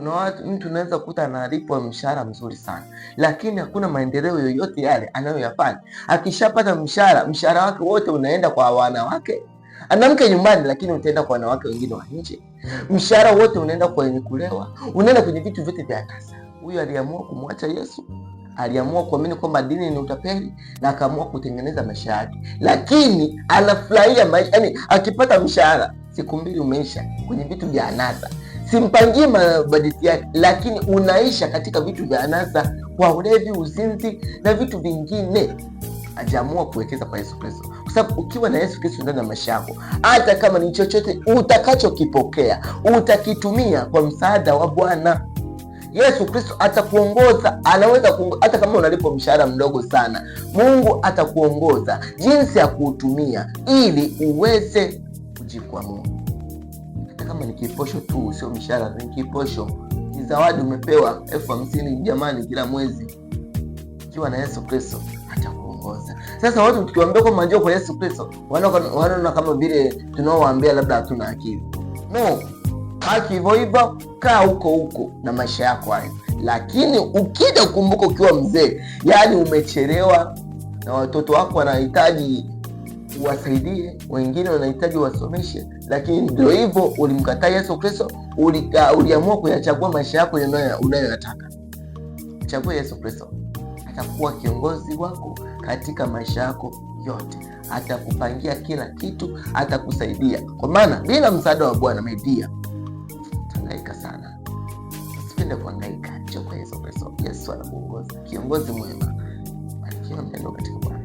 kuna watu mtu unaweza kukuta analipwa mshahara mzuri sana, lakini hakuna maendeleo yoyote yale anayoyafanya. Akishapata mshahara, mshahara wake wote unaenda kwa wanawake, anamke nyumbani, lakini utaenda kwa wanawake wengine wa nje. Mshahara wote unaenda kwenye kulewa, unaenda kwenye vitu vyote vya kasa. Huyu aliamua kumwacha Yesu, aliamua kuamini kwamba dini ni utapeli na akaamua kutengeneza maisha yake, lakini anafurahia maisha. Yani akipata mshahara, siku mbili umeisha kwenye vitu vya anasa simpangie mabajeti yake, lakini unaisha katika vitu vya anasa, kwa ulevi, uzinzi na vitu vingine. Ajaamua kuwekeza kwa Yesu Kristo, kwa sababu ukiwa na Yesu Kristo ndani ya maisha yako, hata kama ni chochote utakachokipokea utakitumia kwa msaada wa Bwana Yesu Kristo atakuongoza, anaweza hata kama unalipo mshahara mdogo sana, Mungu atakuongoza jinsi ya kuutumia ili uweze kujikwamua kama ni kiposho tu, sio mshahara, ni kiposho, ni zawadi umepewa elfu hamsini jamani, kila mwezi. Ukiwa na Yesu Kristo atakuongoza. Sasa watu tukiwaambia kwamba njoo kwa Yesu Kristo, wanaona kama vile tunaowaambia labda hatuna akili. No, haki hivyohivyo, kaa huko huko na maisha yako hayo, lakini ukija kukumbuka ukiwa mzee, yaani umechelewa na watoto wako wanahitaji uwasaidie wengine, wanahitaji wasomeshe, lakini ndio hivyo, ulimkataa Yesu Kristo, ah, uliamua kuyachagua maisha yako unayoyataka. Chagua Yesu Kristo, atakuwa kiongozi wako katika maisha yako yote, atakupangia kila kitu, atakusaidia kwa maana bila msaada wa Bwana media tangaika sana. Usipende kuangaika, chagua Yesu Kristo. Yesu anakuongoza, kiongozi mwema. Barikiwa mpendo katika Bwana.